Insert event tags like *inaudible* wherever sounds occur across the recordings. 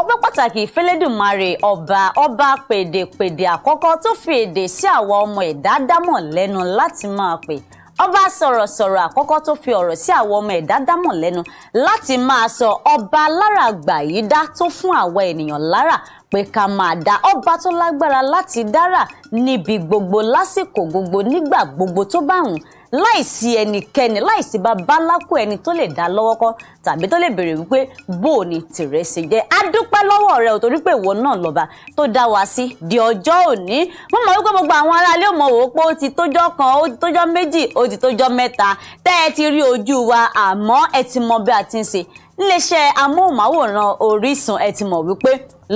ọpẹ́ pàtàkì ìfẹ́lẹ́dùnmarè ọba ọba pèdèpèdè àkọ́kọ́ tó fi èdè sí àwa ọmọ ẹ̀dá dámọ̀ lẹ́nu láti máa pè ọba sọ̀rọ̀sọ̀rọ̀ àkọ́kọ́ tó fi ọ̀rọ̀ sí àwọn ọmọ ẹ̀dá dámọ̀ lẹ́nu láti máa sọ ọba lára àgbà yìí dá tó fún àwa ènìyàn lára pé ká máa dá ọba tó lágbára láti dára níbi gbogbo lásìkò gbogbo nígbà gbogbo tó bá wùn láìsí ẹnikẹ́ni láìsí bàbá ẹni tó lè dá lọ́wọ́ kọ́ tàbí tó lè béèrè wípé bó o ní tìrẹ ṣe jẹ́ a dúpẹ́ lọ́wọ́ rẹ ò torí pé ìwọ náà lọ́ba tó dá wa sí di ọjọ́ òní mo mọ̀ wípé gbogbo àwọn aráalé ò mọ̀ wò ó pé ó ti tójọ́ kan ó ti tójọ́ méjì ó ti tójọ́ mẹ́ta tẹ́ ẹ ti rí ojú wa àmọ́ ẹ ti mọ bí a ti ń ṣe níléeṣẹ́ amóhùnmáwòrán Orísun ẹ ti mọ̀ wípé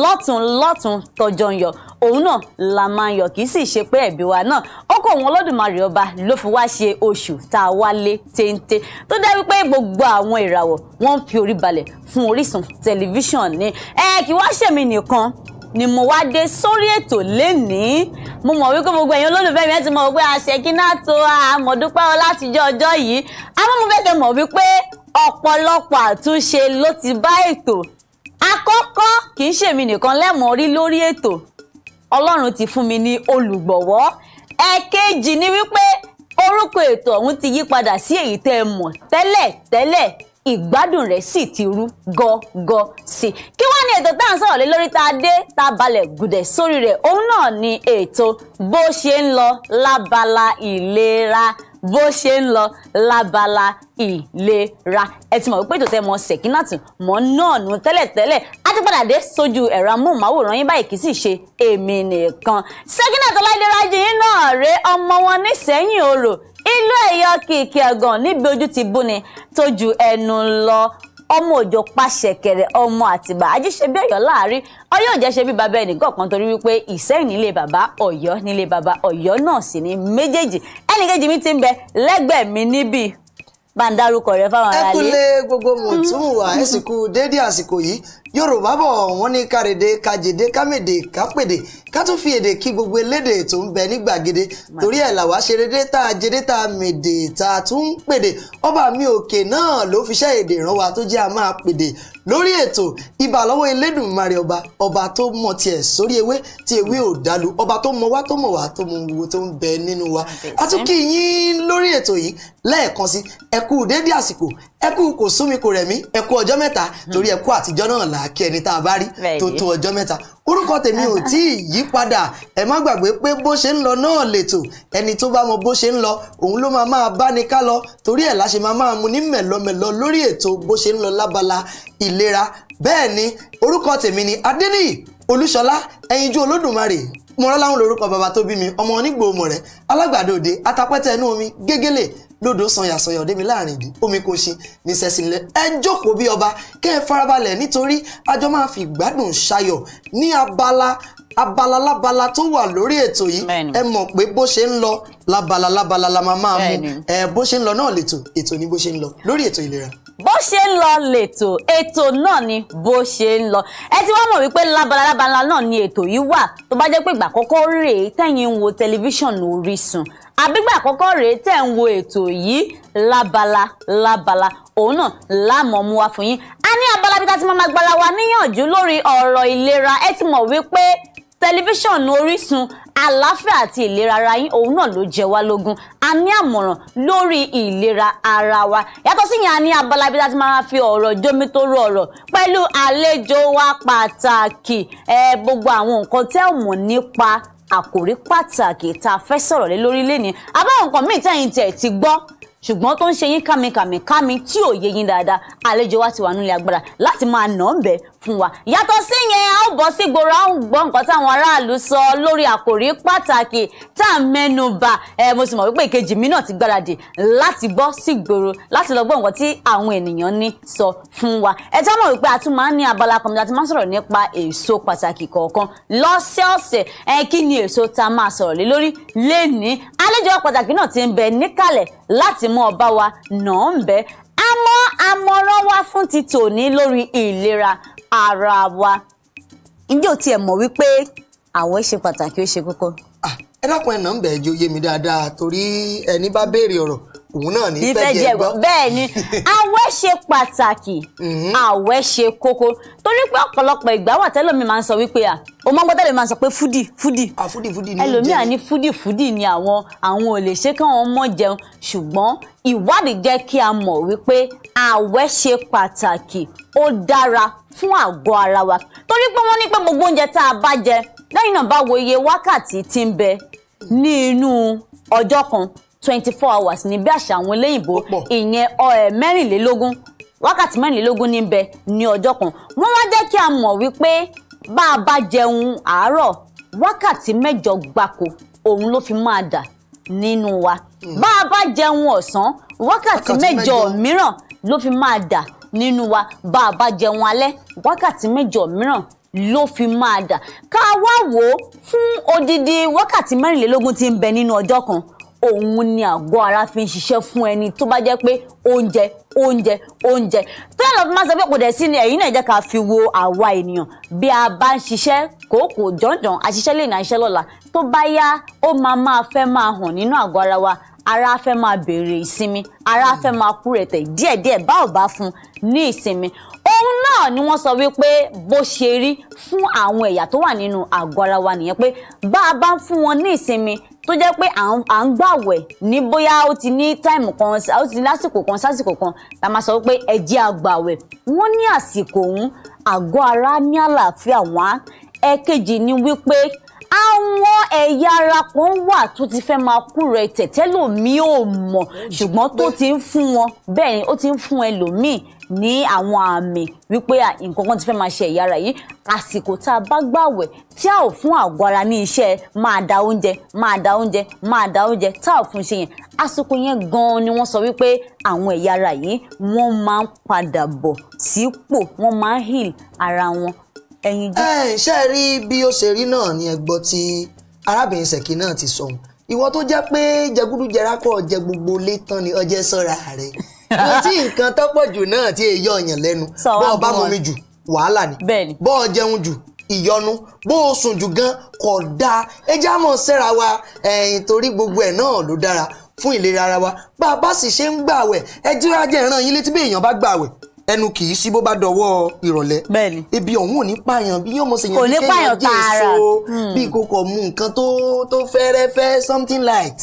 lọ́tún lọ́tún tọjọ́ ń yọ òun náà la máa ń yọ kì í sì ṣe pé ẹ̀bí wa náà ọkọ̀ òun Olódùmarè ọba ló fi wá ṣe oṣù tá a wálé téńté tó dá wípé gbogbo àwọn ìràwọ̀ wọ́n ń fi orí balẹ̀ fún Orísun tẹlifíṣàn ni ẹ kì wá ṣèmi nìkan ni mo wá dé sórí ètò lénìí mo mọ̀ wípé gbogbo ẹ̀yin olólùfẹ́ mi ẹ ti mọ̀ wípé Ṣẹ̀kínátò àmọ̀dúpẹ́ ọ látijọ́ ọjọ́ yìí àmọ́ mo fẹ́ kẹ́ mọ̀ wípé ọ̀pọ̀lọpọ̀ àtúnṣe ló ti bá ètò àkọ́kọ́ kì í ṣèmi nìkan lẹ́mọ̀ọ́ rí lórí ètò ọlọ́run ti fún mi ní olùgbọ̀wọ́ ẹ̀ẹ̀kejì ni wípé orúkọ ètò ọ̀hún ti yí padà sí èyí tẹ́ ẹ mọ̀ tẹ́lẹ̀ tẹ́lẹ̀ ìgbádùn rẹ̀ sì ti rú gọ́gọ́ sí i kí wọ́n ní ètò tá à ń sọ̀rọ̀ lé lórí tá dé tá a balẹ̀ sórí rẹ̀ òun náà ni ètò bó ṣe ń lọ lábala ìlera bó ṣe ń lọ lábala ìlera ẹ ti mọ̀ wípé ètò tẹ́ mọ Sẹ̀kínàtù mọ́ náà nù tẹ́lẹ̀tẹ́lẹ̀ ti padà dé sójú ẹ̀rọ amóhùnmáwòrán yín báyìí kì í sì ṣe èmi nìkan Sekinat Ọláìdé yìí náà rèé ọmọ wọn nísẹ́yìn orò ìlú Ẹ̀yọ̀ kìkì ẹ̀gàn níbi ojú ti búni tójú ẹnu lọ ọmọ òjò pàṣẹkẹrẹ ọmọ àtìgbà ajíṣebí Ọ̀yọ́ láàrin Ọ̀yọ́ òjẹ ṣe bí bàbá ẹnìkan kan torí wípé Ìṣẹ́yìn nílé bàbá Ọ̀yọ́ nílé bàbá Ọ̀yọ́ náà sì ní méjèèjì ẹnìkejì mi ti ń bẹ lẹ́gbẹ̀ẹ́ mi níbí bá ń dárúkọ rẹ fáwọn aráàlú. ẹ gbogbo mọ̀tún wà ẹ sì àsìkò yìí yorùbá bọ̀ wọ́n ní kárede kájèdè kámèdè kápèdè ká tún fi èdè kí gbogbo elédè tó ń bẹ ní gbàgede torí ẹ̀ làwa ṣerédé tá a jẹdé tá a mèdè tá a tún ń pèdè ọba mi òkè náà ló fi ṣẹ́ èdè ìran wa tó jẹ́ a máa pèdè lórí ètò ibà lọ́wọ́ elédùnmarè ọba ọba tó mọ tiẹ̀ sórí ewé tí ewé ò dálu ọba tó mọ wá tó mọ̀ wá tó mọ wo tó ń bẹ nínú wa a tún yín lórí ètò yìí lẹ́ẹ̀kan sí ẹ kú dédé àsìkò ẹ kú kò sú mi kò rẹ̀ mí ẹ kú ọjọ́ mẹ́ta hmm. torí ẹ kú àtijọ́ náà là á kí ẹni tá a bá rí tó tó ọjọ́ mẹ́ta orúkọ tèmi ò tí ì yí padà ẹ má gbàgbé pé bó ṣe ń lọ náà lètò ẹni tó bá mọ bó ṣe ń lọ òun ló máa máa bá ní ká lọ torí ẹ̀ láṣẹ máa máa mu ní mẹ̀lọmẹ̀lọ lórí ètò bó ṣe ń lọ lábala ìlera bẹ́ẹ̀ ni orúkọ tèmi ni adéníyì olúṣọlá ẹyinjú olódùmarè mọ̀rọ́láhùn lórúkọ bàbá tó bí mi ọmọ onígbòmọ̀ rẹ̀ alágbàdo òde atapẹ́tẹ̀ inú omi gégélè lódò sanya sanya ọ̀dẹ́mi láàrin ìdí omi kò ṣe ní sẹ́sìnlẹ̀ ẹ jókòó bí ọba kẹ́ ẹ farabalẹ̀ nítorí àjọ máa fi ìgbádùn ṣayọ̀ ní abala abala lábala tó wà lórí ètò yìí ẹ mọ̀ pé bó ṣe ń lọ lábala lábala la máa máa mú ẹ bó ṣe ń lọ náà lètò ètò ní bó ṣe ń lọ lórí ètò ìlera bó ṣe ń lọ lètò ètò náà ni bó ṣe ń lọ ẹ ti wá mọ̀ wípé lábala lábala náà ni ètò yìí wà tó bá jẹ́ pé ìgbà àkọ́kọ́ rèé tẹ̀yin ń wo tẹlifíṣàn Orísun àbígbà àkọ́kọ́ rèé tẹ̀ ń wo ètò yìí lábala lábala òun náà láàmọ̀ wa fún yín a ní abala bí ká ti máa gbára wa níyànjú lórí ọ̀rọ̀ ìlera ẹ ti mọ̀ wípé tẹlifíṣàn Orísun àlàáfíà àti ìlera ara yín òun náà ló jẹ wá lógún a ní àmọ̀ràn lórí ìlera ara wa yàtọ̀ sí yẹn a ní abala ibi láti máa fi ọ̀rọ̀ jómi tó rọ ọ̀rọ̀ pẹ̀lú àlejò wa pàtàkì ẹ gbogbo àwọn nǹkan tẹ́ ò mọ̀ nípa àkòrí pàtàkì tá a fẹ́ sọ̀rọ̀ lé lórí lẹ́ni abáwọn nǹkan míì tẹ̀yìn tẹ̀ ti gbọ́ ṣùgbọ́n tó ń ṣe yín kàmìkàmìkàmì tí ò yé yín dáadáa àlejò wa ti wà nílé agbára láti máa nà án bẹ́ẹ̀ fún wa. yàtọ̀ sí yẹn a ó bọ́ sí gbòòrò a ó gbọ́ nǹkan táwọn aráàlú sọ lórí àkòrí pàtàkì tá a mẹ́nu bà ẹ mo sì mọ̀ wípé ìkejì mi náà ti gbáradì láti bọ́ sí gbòòrò láti lọ gbọ́ nǹkan tí àwọn ènìyàn ní sọ fún wa. ẹ já mọ̀ wípé a tún máa ń ní abala kan láti máa sọ̀rọ̀ nípa èso pàtàkì kọ̀ọ̀kan lọ́sẹ̀ọ̀sẹ̀ ẹ kí ni èso tá a máa sọ̀rọ̀ lé lórí lénìí àlejò pàtàkì náà ti ń bẹ níkàlẹ̀ láti mú ọba wa náà ń bẹ àmọ́ àmọ̀ràn wa fún ti tòní lórí ìlera ara wa ǹjẹ́ ò tiẹ̀ mọ̀ wípé àwọn ṣe pàtàkì ó ṣe kókó. Ah, ẹ dákun ẹ̀ náà ń yé mi dáadáa torí ẹni bá béèrè ọrọ. òun náà ní fẹ́ jẹ gbọ́. bẹ́ẹ̀ ni àwẹ̀ ṣe pàtàkì mm-hmm. àwẹ̀ ṣe kókó torí pé ọ̀pọ̀lọpọ̀ ìgbà wà tẹ́lọ̀mí máa ń sọ wípé à o máa ń gbọ́ tẹ́lọ̀mí máa sọ pé fúdì fúdì ẹlòmíà ní fúdì fúdì ni àwọn àwọn ò lè ṣe kí wọ́n mọ̀ jẹun ṣùgbọ́n ìwádìí jẹ́ kí a mọ̀ wípé àwẹ̀ ṣe pàtàkì ó dára fún àgọ́ ara wa torí pé wọ́n ní pé gbogbo oúnjẹ tá a bá jẹ lẹ́yìn náà bá wo iye wákàtí tí ń bẹ ní inú ọjọ́ kan twenty four hours ní bí àṣà àwọn eléyìnbó ìyẹn eh, mẹ́rìnlélógún wákàtí mẹ́rìnlélógún ní bẹ ní ọjọ́ kan wọ́n wá jẹ́ kí a mọ̀ wípé bá a bá jẹun àárọ̀ wákàtí mẹ́jọ gbáko òun ló fi máa dà nínú wa hmm. bá a bá jẹun ọ̀sán wákàtí mẹ́jọ mìíràn ló fi máa dà nínú wa bá a bá jẹun alẹ́ wákàtí mẹ́jọ mìíràn ló fi máa dà ká wá wò ó fún odidi wákàtí mẹ́rìnlélógún tí ń bẹ nínú ọjọ́ kan òun ni àgọ́ ara fi ń ṣiṣẹ́ fún ẹni tó bá jẹ́ pé oúnjẹ oúnjẹ oúnjẹ tó yàrá tó máa sọ pé kò dẹ̀ sí ni ẹ̀yin náà jẹ́ ká fi wo àwa ènìyàn bí a bá ń ṣiṣẹ́ kòókò jọ̀ǹjọ̀ǹ àṣiṣẹ́ lè ní àṣiṣẹ́ lọ́la tó bá yá ó máa máa fẹ́ máa hàn nínú àgọ́ ara wa ara fẹ́ máa béèrè ìsinmi ara fẹ́ máa kú rẹ̀ tẹ̀ díẹ̀díẹ̀ bá ò bá fún ní ìsinmi òun náà ni wọ́n sọ wípé bó ṣe rí fún àwọn ẹ̀yà tó wà nínú àgọ́ ara wa nìyẹn pé bá a bá ń fún wọn ní ìsinmi tó jẹ́ pé à ń gbàwẹ̀ ní bóyá ó ti ní táìmù kan ó ti ní lásìkò kan sásìkò kan la máa sọ pé ẹ jẹ́ àgbàwẹ̀ wọ́n ní àsìkò òun àgọ́ ara ní àlàáfíà wá ẹ̀kejì ni wípé àwọn ẹ̀yà ara kan wà tó ti fẹ́ máa kú rẹ tẹ̀tẹ́ lòmí ò mọ̀ ṣùgbọ́n tó ti ń fún wọn bẹ́ẹ̀ ni ó ti ń fún ẹlòmíì ní àwọn àmì wípé nǹkan kan ti fẹ́ máa ṣe ẹ̀yà ara yìí àsìkò tá a bá gbàwẹ̀ tí a ò fún àgọ́ ara ní iṣẹ́ máa da oúnjẹ máa da oúnjẹ máa da oúnjẹ tá a ò fún ṣe yẹn àsìkò yẹn gan-an ni wọ́n sọ wípé àwọn ẹ̀yà ara yìí wọ́n máa ń padà bọ̀ sípò wọ́n máa ń heal ara wọn ẹ̀yin jẹ́. ẹ ṣe rí bí ó ṣe rí náà ni ẹ tí arábìnrin ṣèkì náà ti sọ̀hún ìwọ tó jẹ́ pé jẹgúdújẹrá kò jẹ gbogbo létan ni ọjẹ́ sọ́ra rẹ̀ mo tí nǹkan tọ́pọ̀ jù náà tí èyí ọ̀yàn lẹ́nu bọ́ọ̀ bá mọ jù wàhálà ni bọ́ọ̀ jẹun jù ìyọnu bó o sùn jù gan kò dáa ẹ já mọ̀ wa ẹ̀yìn torí gbogbo ẹ̀ náà ló dára fún ìlera ara wa bá a bá sì ṣe ń gbààwẹ̀ ẹ jíra jẹ́ ìran yín létí bí èèyàn bá gbààwẹ̀ ẹnu kì í sí bó bá dọwọ́ ìrọ̀lẹ́ ibi ọ̀hún ò ní pààyàn bí yóò mọ̀ sí yẹn kí kéèyàn jẹ́ èso hmm. bí kòkò mu nǹkan tó tó fẹ́rẹ́fẹ́ something light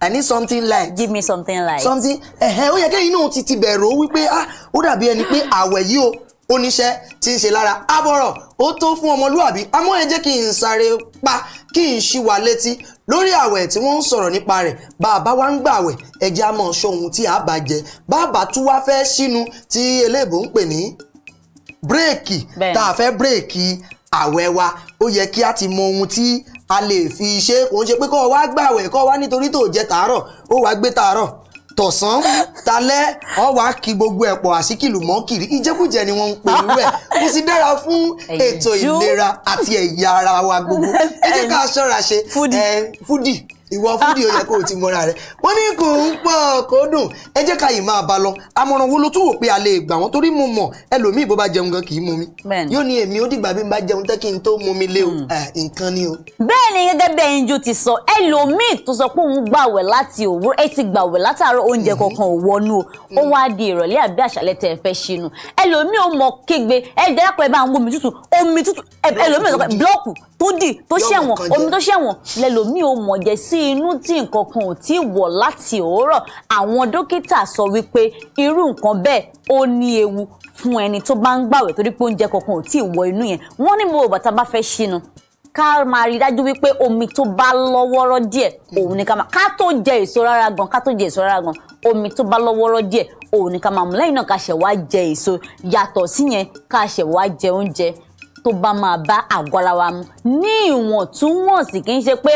i need something light. give me something light. something ẹ̀hẹ́ ó yẹ kẹ́yìn náà ti ti bẹ̀rù wípé ah, ó dàbí ẹni pé àwẹ̀ yìí o oníṣẹ́ tí ń ṣe lára abọ́rọ̀ ó tó fún ọmọlúàbí àmọ́ ẹ jẹ́ kí n sáré pa kí n ṣí wa létí lórí àwẹ̀ tí wọ́n ń sọ̀rọ̀ nípa rẹ̀ bàbá wa ń gbàwẹ̀ ẹjẹ́ a mọ̀ ṣọ ohun tí a bá jẹ bàbá tún wá fẹ́ sínú tí eléèbó ń pè ní bírèkì tá a fẹ́ bírèkì àwẹ̀ wa ó yẹ kí a ti mọ ohun tí a lè fi ṣe kò ń ṣe pé kó o wá gbàwẹ̀ kó o wá nítorí tó jẹ tàárọ̀ ó wá gbé tàárọ̀ tọ̀sán talẹ́ wọ́n wá kí gbogbo ẹ̀pọ̀ àṣíkìlù mọ́ kiri ìjẹkújẹ ni wọ́n ń pè irú ẹ̀ kò sì dára fún ètò ìlera àti ẹ̀yà ara wa gbogbo ẹ jẹ́ ká ṣọ́ra ṣe fúdì ìwọ fúdì ó yẹ kó o ti mọra rẹ wọn ní kò ń pọ̀ kó dùn ẹ jẹ́ ká yìí máa bá lọ àmọ̀ràn wo ló tún wò pé a lè gbà wọn torí mo mọ̀ ẹlòmíì bó bá jẹun gan kì í mumi yóò ní èmi ó dìgbà bí n bá jẹun tán kí n tó mumi lé o hmm. nǹkan ni o. bẹ́ẹ̀ ni gẹ́gẹ́ bí ẹyinjú ti sọ ẹlòmíì tó sọ pé òun gbàwẹ̀ láti òwúrọ̀ ẹ ti gbàwẹ̀ látàárọ̀ oúnjẹ hmm. kankan ò wọnú o ó wá di ìrọ̀lẹ́ àbí àṣálẹ́ tẹ́ fẹ́ ṣinú ẹlòmíì ó mọ kégbe ẹ dẹ́rẹ́pọ̀ tó dì tó ṣẹ̀wọ̀n omi tó ṣẹ̀wọ̀n lẹ́lòmíì ò mọ̀ jẹ́ sí inú tí nǹkan kan ò tí ì wọ̀ láti òórọ̀ àwọn dókítà sọ wípé irú nǹkan bẹ́ẹ̀ ó ní ewu fún ẹni tó bá ń gbàwẹ̀ torí pé oúnjẹ kankan ò tí wọ inú yẹn wọ́n ní mo bàtà bá fẹ́ ṣinu ká máa rí dájú wípé omi tó bá lọ́wọ́rọ́ díẹ̀ òun ni ká máa ká tó jẹ èso rárá gan ká tó jẹ èso rárá gan omi tó bá lọ́wọ́rọ́ díẹ̀ òun ni ká máa mú lẹ́yìn náà ká ṣẹ̀ wá jẹ èso yàtọ̀ síyẹn ká ṣẹ̀ wá jẹ oúnjẹ tó bá máa bá àgọ́ ara wa mu ní ìwọ̀ntúnwọ̀nsì kì í ṣe pé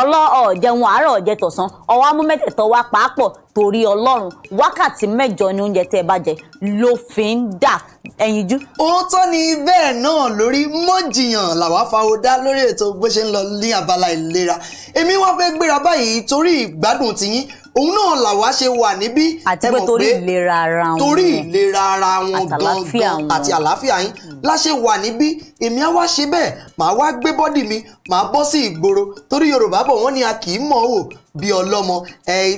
ọlọ́ ọ̀jẹun àárọ̀ ọ̀jẹ tọ̀sán ọwọ́ amú mẹ́tẹ̀ẹ̀tọ̀ wá pàápọ̀ torí ọlọ́run wákàtí mẹ́jọ ni oúnjẹ tẹ́ ẹ bá jẹ ló fi ń dà ẹyinjú. òótọ́ ni bẹ́ẹ̀ náà lórí mọ́jìyàn làwa fàwọ́dá lórí ètò bó ṣe ń lọ ní abala ìlera èmi wá fẹ́ gbéra báyìí torí ìgbádùn tiyín òun náà làwa ṣe wà níbí. àti pé torí ìlera ara wọn torí ìlera ara wọn gangan àti àlàáfíà yín hmm. la ṣe wà níbí èmi á wá ṣe bẹ́ẹ̀ màá wá gbé bọ́dì mi màá bọ́ sí ìgboro torí Yorùbá bọ̀ wọ́n ní a kì í mọ̀ wò bí ọlọ́mọ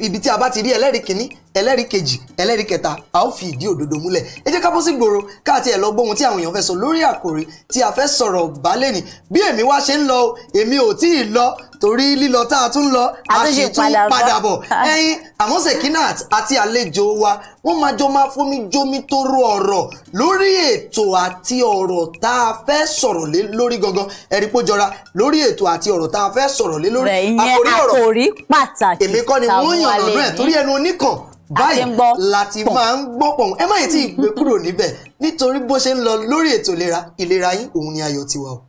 ibi tí a bá ti rí ẹlẹ́rìí kìíní ẹlẹ́rìí kejì ẹlẹ́rìí kẹta a ó fi ìdí òdodo múlẹ̀ ẹ jẹ́ ká bọ́ sí gbòòrò káàtì ẹ̀ lọ gbọ́ ohun tí àwọn èèyàn fẹ́ sọ lórí àkòrí tí a fẹ́ sọ̀rọ̀ bálẹ̀ ni bí èmi wá ṣe ń lọ èmi ò tí ì lọ torí lílọ tá a tún lọ a sì tún padà bọ̀ *laughs* ẹyin àmọ́ Sekinat àti àlejò wa wọ́n máa jọ máa fomi jomi toro ọ̀rọ̀ lórí ètò àti ọ̀rọ̀ tá a fẹ́ sọ̀rọ̀ lé lórí gangan ẹ̀rí pó jọra lórí ètò àti ọ̀rọ̀ tá a fẹ́ sọ̀rọ̀ lé lórí àkòrí ọ̀rọ̀ èmi kọ́ ni wọ́n yàn lọ́dún ẹ̀ torí ẹnu oníkan báyìí láti máa ń gbọ́ pọ̀ ẹ má yìí tí ì gbé kúrò níbẹ̀ nítorí bó ṣe ń lọ lórí ètò ìlera ìlera yín òun ni ayọ̀ tiwa o.